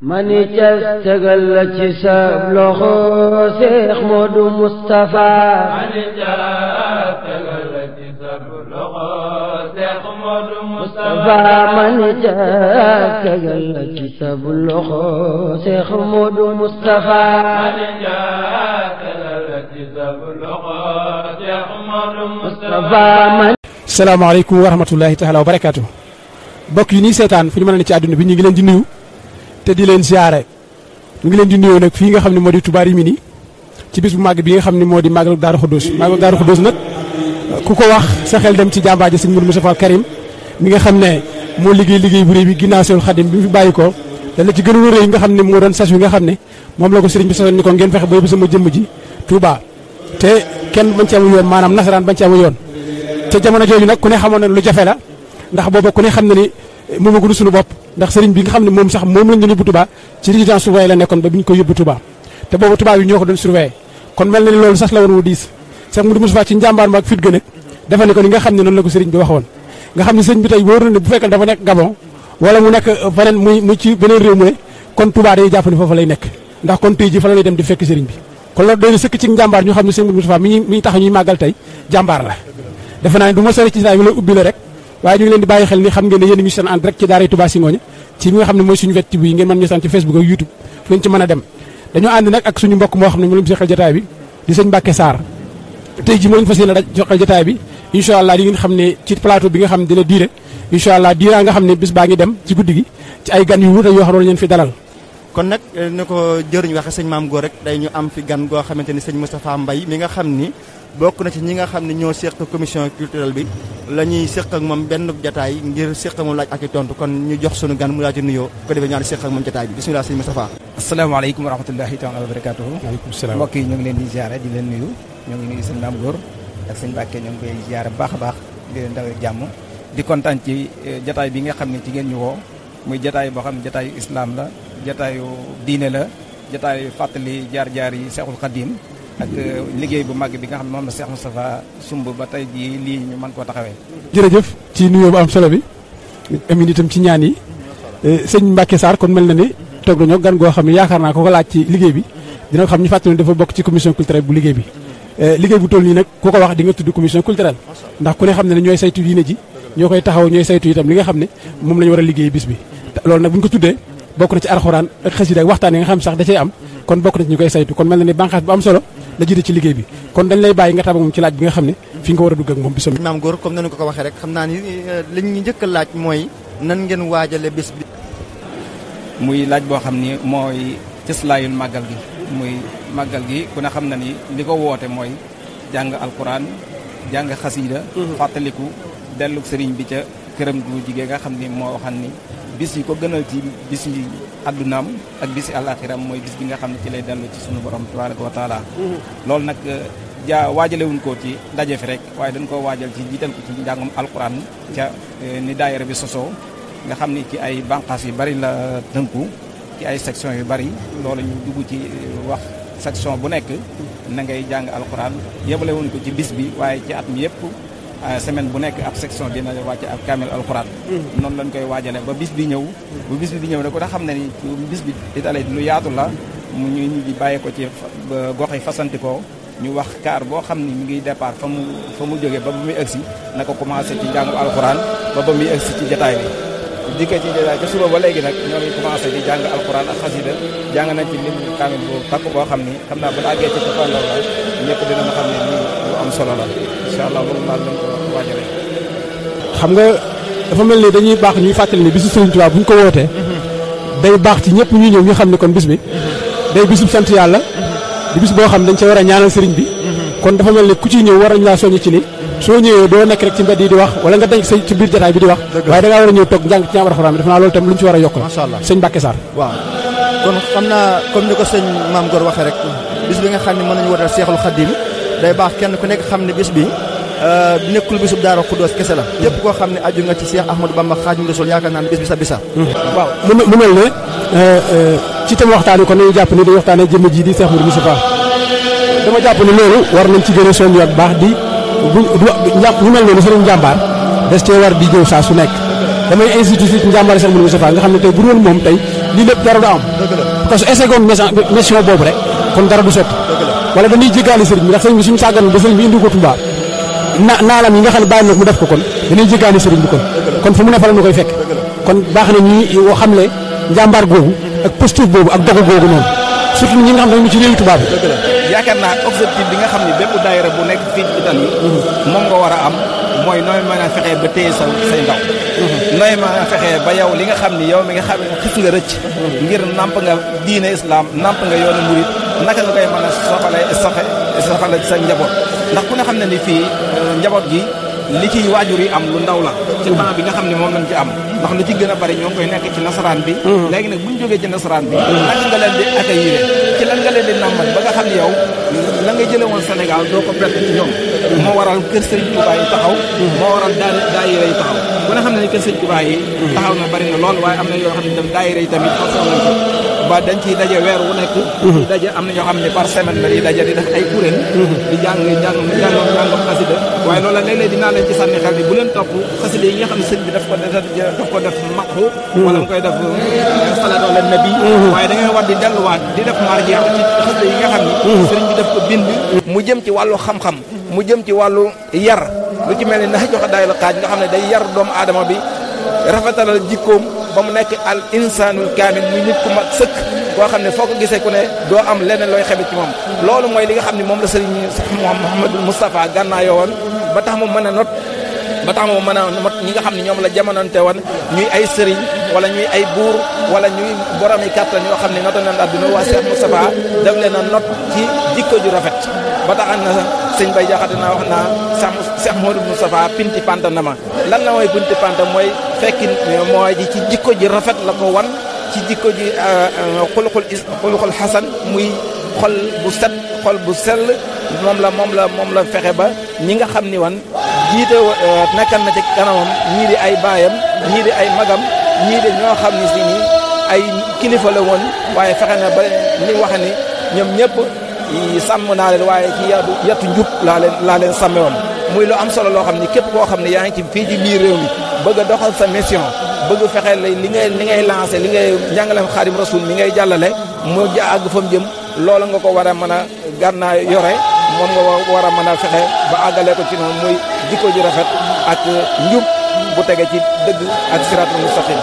mani cas tegal la ci sa loxo Seex Moodu Mustafa mani cas tegal la ci sa loxo Seex Moodu Mustafa mani cas tegal la ci sa loxo Seex Moodu Mustafa mani cas tegal la ci sa loxo Seex Moodu Mustafa. salaamaaleykum wa rahmatullahi taala wa barakaatu. mbokk yi nii seetaan fu ñu mën a ne ci àdduna bi ñu ngi leen di nuyu. te di leen siyaare ñu ngi leen di nuyoo nag fii nga xam ne moo di Touba Rimini ci bis bu màgg bi nga xam ne moo di màggalu Daaru Xuddoos màggalu Daaru Xuddoos nag ku ko wax sa xel dem ci jàmbaaje sëñ Mourou Moustapha Karim mi nga xam ne moo liggéey liggéey bu réy bi ginnaaw Seexul Xadim bi mu fi bàyyi ko da ci gën a réy nga xam ne moo doon sas wi nga xam ne moom la ko sëriñ bi sasoon ni ko ngeen fexe ba yóbbu sama jëmm ji Touba te kenn bañ ci amul yoon maanaam nasaraan bañ ci amul na lu jafe la ndax booba ku ne xam ne moomagul suñu bopp ndax sëriñ bi nga xam ne moom sax moom lañ doon yóbbu Touba ci résidence surveillée la nekkoon ba bi ñu koy yóbbu Touba te boobu Touba bi ñoo ko doon surveillé kon mel na ni loolu sax la woon wu diis sax mu di a mu nekk mu ñu tax ñuy màggal tey jàmbaar la defe naa du ma sori ci saa yu ubbi la rek waaye ñu ngi leen di bàyyi xel ni xam ngeen ne yéen a ngi seen en direct ci daara Touba Simone ci mi nga xam ne mooy suñu bi ngeen mën ñu sant ci Facebook ak YouTube fu ngeen ci mën a dem dañoo ànd nag ak suñu mbokk moo xam ne mu lu mu seqal jotaay bi di sëñ Mbacke Sarr tey ji moo ñu fas yéene joxal jotaay bi incha allah di ngeen xam ne ci plateau bi nga xam ne dina diire incha allah diira nga xam ne bis baa ngi dem ci guddi gi ci ay gan yu wuute yoo xam ne leen fi dalal kon nag eh, ne ko jëriñ waxe sëñ rek day ñu am fi gan goo xamante ni sëñ Moustapha Mbaye mi nga xam ni bokk na ci ñi nga xam ne ñoo seq commission culturelle bi la ñuy seq ak moom benn jataay ngir seq moom laaj ak i tontu kon ñu jox sunu gan mu daal di nuyoo ko defee ñaari seq ak moom jataay bi bisimilah sëñ Moustapha. asalaamaaleykum wa rahmatullahi taala wa barakaatuh. waaleykum salaam mbokk yi ñu ngi leen di ziare di leen nuyu. ñoo ngi nuyu sëñ ak sëñ Mbàkke ñoo koy ziare bu baax a baax di leen dawal jàmm di kontaan ci eh, jataay bi nga xam ne ci ngeen ñu woo muy jataay boo xam ne jataayu islam la jataayu diine la jataayu fàttali jaar-jaar yi Seexul Xadiim ak euh, liggéey bu mag bi nga xam ne moom la Cheikh Moustapha sumb ba tey jii lii ñu mën koo taxawee. jërëjëf ci nuyoo bu am solo bi amin itam ci ñaan yi euh, sëñ Mbacke Sarr kon mel na ni toog nañoo gan goo xam ne yaakaar naa ko ko laaj ci liggéey bi dina ko xam ñu fàttali dafa bokk ci commission culturelle bu liggéey bi euh, liggéey bu toll nii nag ku ko wax di nga tudd commission culturelle ndax ku ne xam ne ne ñooy saytu diine ji ñoo koy taxaw ñooy saytu itam li nga xam ne moom la war a liggéey bis bi loolu nag bu ñu ko tuddee bokk na ci alxuraan yi nga xam sax da cay ñu koy saytu kon mel na ni bànqaas bu am la jiite ci liggéey bi kon dañ lay bàyyi nga tab moom ci laaj bi nga xam ne fi nga ko war a dugg ak moom bisam maam góor comme nañu ko ko waxee rek xam naa ni eh, li ñu njëkk laaj mooy nan ngeen waajale bés bi muy laaj boo xam ni mooy cëslaayul màggal gi muy màggal gi ku ne xam na ni li ko woote mooy jàng alquran jàng xasiida mhm. fàttaliku dellug sëriñ bi ca këram gu jigéen nga xam ni moo waxan ni bis yi ko gënal ci bis yi addunaam ak bis yi àllaaxiram mooy bis bi nga xam ne ci lay dellu ci sunu borom tabaraka wa taala mm-hmm. loolu nag euh, jaa waajalewuñ ko ci ndaje fi rek waaye dañ ko waajal ci jiital ko ci njàngum alquran ca euh, ni daayira bi sosoo nga xam ni ci ay banqaas yu bari la tënku ci ay section yu bari loolu ñu dugg ci euh, wax section bu nekk mm-hmm. na ngay jàng alquran yebalewuñ ko ci bis bi waaye ci at mi yëpp Euh, semaine bu nekk ab section dina wàcc ak kaamil alxuraan hmm. noonu lañ koy waajale ba bis bi bu bis bi di ñëw ko ni bis bi itale lu yaatu la mu ñu ñu bàyyi ko ci gox yi fasantikoo ñu wax kaar boo xam mi ngi départ fa mu fa mu jóge ba ba muy ëgsi na ko commencé ci njàngum alxuraan ba ba muy ci bi ci suba ba ñoo ngi commencé di ak ci bu takk boo xam ni xam naa bu ci ci fandaw la dina ma solo la incha xam nga dafa mel ni dañuy baax ñuy fàttali ni bisu Sëriñ Tuubaa bu ñu ko wootee day baax ci ñëpp ñuy ñëw ñu xam ne kon bis bi day bisub sant yàlla di bis boo xam dañ ca war a ñaanal sëriñ bi kon dafa mel ni ku ci ñëw war añ laa soññ ci ni soo ñëwee doo nekk rek ci mbedd yi di wax wala nga denc sa ci biir jataay bi di wax waaye da ngaa war a ñëw toog njàng ci ñaamar xoraan bi dafa naa loolu tam lu ñu ci war a yokk la sëñ Mbàkke Sarr waaw kon xam ko sëñ Maam Gor waxee rek bis bi nga xam ne mën nañu waral Seexul Xadiim day baax kenn ku nekk xam ne bis bi euh, nekkul daara Daaru Xuddoos kese la lépp koo xam ne aju nga ci Seex Ahmadou Bamba Xaadimu Rasuul yaakaar naa ne bis bi sa bisa waaw mu mel ne euh, euh, ci tam waxtaan yi kon nañu jàpp ni dañu waxtaanee jëmm ji di Seex Muhammadu Mustafaa dama jàpp ni loolu war nañ ci gën a soññaat baax di ñu mel noonu sëriñ njàmbaar des cee war di ñëw saa su nekk damay institut ci njàmbaar Seex Muhammadu Mustafaa nga xam ne tey bu doon moom tey lii lépp dara du am parce que mession boobu rek kon dara du sotti wala dañuy jéggaani sëriñ bi ndax sëriñ bi suñu sàggan ba sëriñ bi indi ko Touba na naalam yi nga xam ne bàyyi na mu def ko kon dañuy jéggaani sëriñ bi kon kon fu mu ne fa la koy fekk kon baax na ñi xam le njàmbaar googu ak posture boobu ak dogu googu noonu surtout ñi nga xam ne ñu ci réewu Touba bi yaakaar naa objectif bi nga xam ne bépp daayira bu nekk fii ci Italie moom nga war a am mooy nooy mën a fexee ba téye sa say ndaw nooy mën a fexee ba yow li nga xam ni yow mi nga xam ne xis nga rëcc ngir namp nga diine islam namp nga yoonu murit naka a soxalee saxe soxale sa njaboot ndax ku ne xam ne ni fii euh, njaboot gi li ciy waajur yi am lu ndaw la ci temps bi nga xam ne moom lañ ci am ndax lu ci gën a bari ñoo ngi koy nekk ci nasaraan bi hmm. léegi nag bu ñu jógee ci nasaraan bi hmm. naka nga leen di accueillir ci lan nga leen di nàmmal ba nga xam ne yow la nga jële woon Sénégal doo ko perte ci ñoom hmm. moo waral kër Serigne Touba yi taxaw moo waral daa daayira yi taxaw ku ne xam ne ni kër Serigne Touba yi taxaw na bari na lool waaye am na yoo xam ne tam daayira yi tamit ba dañ ciy daje weer wu nekk mhm. di daje am na ñoo xam ne par semaine la di daje di def ay kuréel di jàng jàng jàngom jàngom xasida waaye loola léeg-léeg dinaa leen ci sànni xel ni bu leen topp xasida yi nga xam ne sëñ bi daf ko daf ko def maqu mhm. wala mu koy def salaatu ala nabi mhm. waaye da ngay war di delluwaat di def marjeex ci xasida yi nga xam ne sëriñ bi daf ko bind mu jëm ci wàllu xam-xam mu jëm ci wàllu yar lu ci mel ni na jox daay la xaaj nga xam ne day yar doomu aadama bi rafetalal jikkoom ba mu nekk al insaanul kaamil muy nit ku mat sëkk koo xam ne foo ko gisee ku ne doo am leneen looy xebit ci moom loolu mooy li nga xam ne moom la sëriñ Mouhamadul Moustapha gànnaayoo woon ba tax mu mën a not ba tax ma mën a ñi nga xam ne ñoom la jamonante woon ñuy ay sëriñ wala ñuy ay buur wala ñuy boromi kàttan yoo xam ne nota nan àdduna waa Cheikh Moustapha daf leen a not ci jikko ju rafet ba tax na sëñ Bay Jaxate naa wax naa Cheikh mu Moustapha pinti panta na ma lan la mooy pinti panta mooy fekki mooy ji ci jikko ji rafet la ko wan ci jikko ji euh, euh, xuluxul xuluxul xasan muy xol bu set xol bu sell moom la moom la moom la fexe ba ñi nga xam ni wan jiite euh, nekkal na ci kanamam ñii di ay baayam ñii di ay magam ñii di ñoo xam ni si nii ay kilifa la woon waaye fexe na ba ni wax ni ñoom ñëpp sàmm naa leen waaye ci yatu yatu njub laa leen laa leen sàmme woon muy lu am solo loo xam ni képp koo xam ne yaa ngi ci fii ci biir réew bëgg a doxal sa mission bëgg fexe li ngay li ngay lancé li ngay njàngalem Xaadim Rasul mi ngay jàllale mu àgg fa jëm loola nga ko war a mën a gànnaa yore moom nga war a mën a fexe ba àggalee ko ci noonu muy jikko ji rafet ak njub bu tege ci dëgg ak siraatul mustaqim